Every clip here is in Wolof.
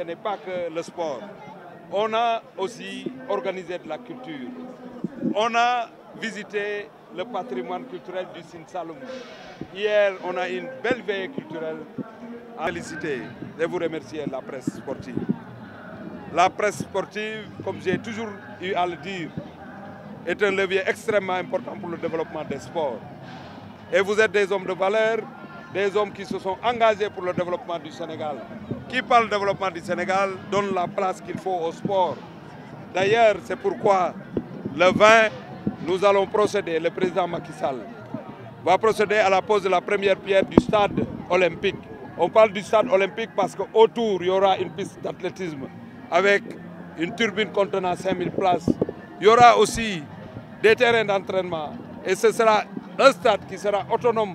ce n'est pas que le sport. On a aussi organisé de la culture. On a visité le patrimoine culturel du Sine Salomon. Hier, on a une belle veillée culturelle à féliciter et vous remercier la presse sportive. La presse sportive, comme j'ai toujours eu à le dire, est un levier extrêmement important pour le développement des sports. Et vous êtes des hommes de valeur des hommes qui se sont engagés pour le développement du Sénégal. Qui parle développement du Sénégal donne la place qu'il faut au sport. D'ailleurs, c'est pourquoi le 20, nous allons procéder, le président Macky Sall va procéder à la pose la première pierre du stade olympique. On parle du stade olympique parce qu'autour, il y aura une piste d'athlétisme avec une turbine contenant 5000 places. Il y aura aussi des terrains d'entraînement et ce sera un stade qui sera autonome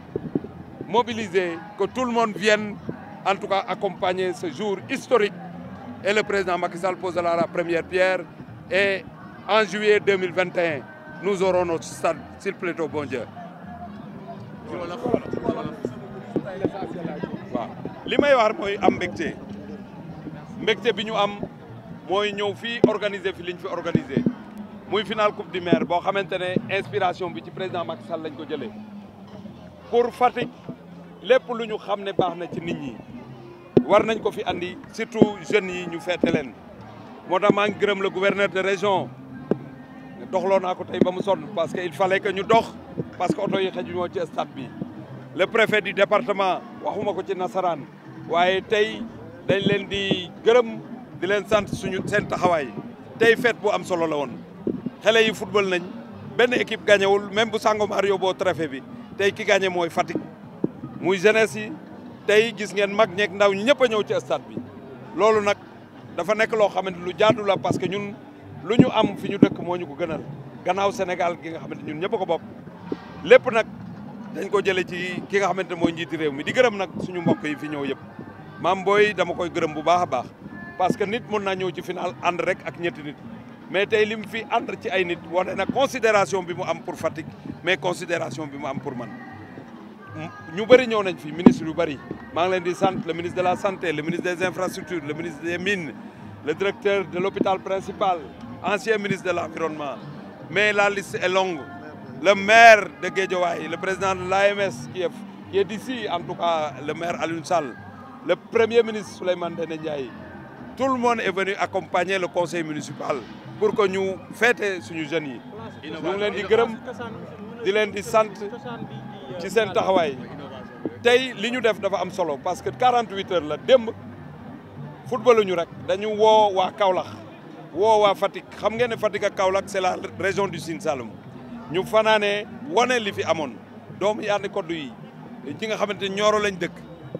mobiliser, que tout le monde vienne, en tout cas accompagner ce jour historique. Et le président Macky Sall posera la première pierre. Et en juillet 2021, nous aurons notre stade, s'il plaît au bon Dieu. waaw li may wax mooy am mbégte mbégte bi ñu am mooy ñëw fii organiser fi liñ fi organiser muy final coupe du maire boo xamante ne inspiration bi ci président Macky Sall lañ ko jëlee pour Fatick lépp lu ñu xam ne baax na ci nit ñi war nañ ko fi andi surtout jeunes yi ñu feete leen moo tax maa ngi gërëm le gouverneur de région doxloo naa ko tey ba mu sonn parce que il fallait que ñu dox parce que oto yi xejuñoo ci stade bi le préfet du département waxuma ko ci nasaraan waaye tey dañ leen di gërëm di leen sant suñu seen taxawaay tey feet bu am solo la woon xale yi football nañ benn équipe gañewul même bu Sangomar yóbboo trophée bi tey ki gagné mooy Fatick muy jeunesse yi tey gis ngeen mag ñeeg ndaw ñëpp a ñëw ci stade bi loolu nag dafa nekk loo xamante lu jaadu la parce que ñun lu ñu am fi ñu dëkk moo ñu ko gënal gannaaw Sénégal gi nga xamante ñun ñëpp a ko bokk lépp nag dañ ko jëlee ci ki nga xamante mooy njiiti réew mi di gërëm nag suñu mbokk yi fi ñëw yëpp maam booy dama koy gërëm bu baax a baax parce que nit mën naa ñëw ci final ànd rek ak ñetti nit mais tey lim mu fi ànd ci ay nit wane na considération bi mu am pour Fatick mais considération bi mu am pour man ñu bëri ñëw nañ fi ministre yu bëri maa ngi leen di sant le ministre de la santé le ministre des infrastructures le ministre des mines le directeur de l'hôpital principal ancien ministre de l'environnement mais la liste est longue le maire de Guédiawaye le président de l'AMS qui est qui est d'ici en tout cas le maire Alioune Sall le premier ministre Souleymane Ndéné Ndiaye tout le monde est venu accompagner le conseil municipal pour que ñu fête suñu jeunes yi ñu ngi leen di gërëm di leen di sant ci seen taxawaay tey li ñu def dafa am solo parce que 48 heures la démb footballu ñu rek dañu woo waa Kaolack woo Fatick xam ngeen ne Fatick ak Kaolack c'est la région du Sine ñu fanaanee wane li fi amoon doom doomu yaani koddu yi ci nga xamante ñooro lañ dëkk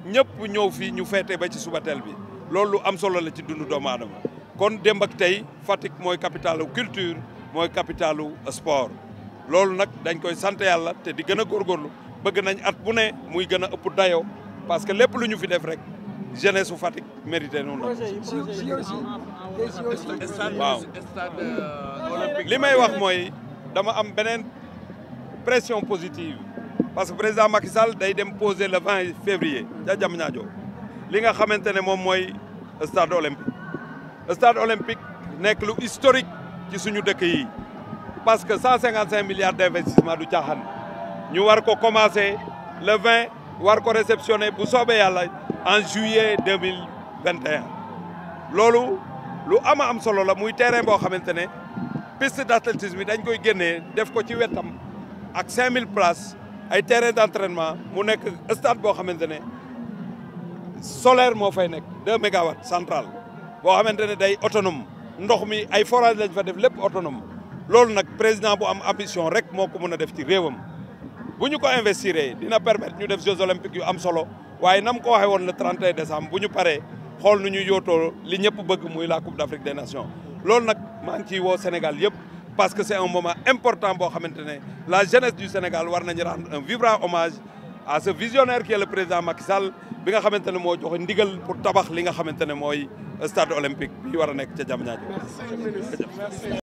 ñëpp ñëw fii ñu feete ba ci subateel bi loolu am solo la ci dundu doomu kon démb ak tey Fatick mooy capitalu culture mooy capitalu sport loolu nag dañ koy sant yàlla te di gën a góorgóorlu bëgg nañ at bu ne muy gën a ëpp dayoo parce que lépp lu ñu fi def rek jeunesse su Fatick mérité noonu waaw euh, li may wax mooy dama am beneen pression positive parce que président Macky Sall day dem poser le 20 février ca Diamniadio li nga xamante ne moom mooy stade olympique stade olympique nekk lu historique ci suñu dëkk yi parce que 155 milliards d' investissement du caaxaan ñu war ko commencé le 20 war ko réceptionné bu soobee yàlla en juillet 2021 loolu lu ama am solo la muy terrain boo xamante ne piste d' athlétisme bi dañ koy génnee def ko ci wetam ak 5000 places ay terrain d' entraînement mu nekk stade boo xamante ne solaire moo fay nekk 2 mégawatts centrale boo xamante ne day autonome ndox mi ay forage lañ fa def lépp autonome loolu nag président bu am ambition rek moo ko mun a def ci réewam bu ñu ko investir dina permettre ñu def Jeux olympiques yu am solo waaye nam ko waxee woon le 31 décembre bu ñu paree xool nu ñuy yootoo li ñëpp bëgg muy la coupe d' afrique des nations loolu nag maa woo Sénégal yëpp parce que c' est un moment important boo xamante ne la jeunesse du Sénégal war nañu rendre un vibrant hommage à ce visionnaire qui le président Macky Sall bi nga xamante ne moo joxe ndigal pour tabax li nga xamante ne mooy stade olympique bi war a nekk ca Diamniadio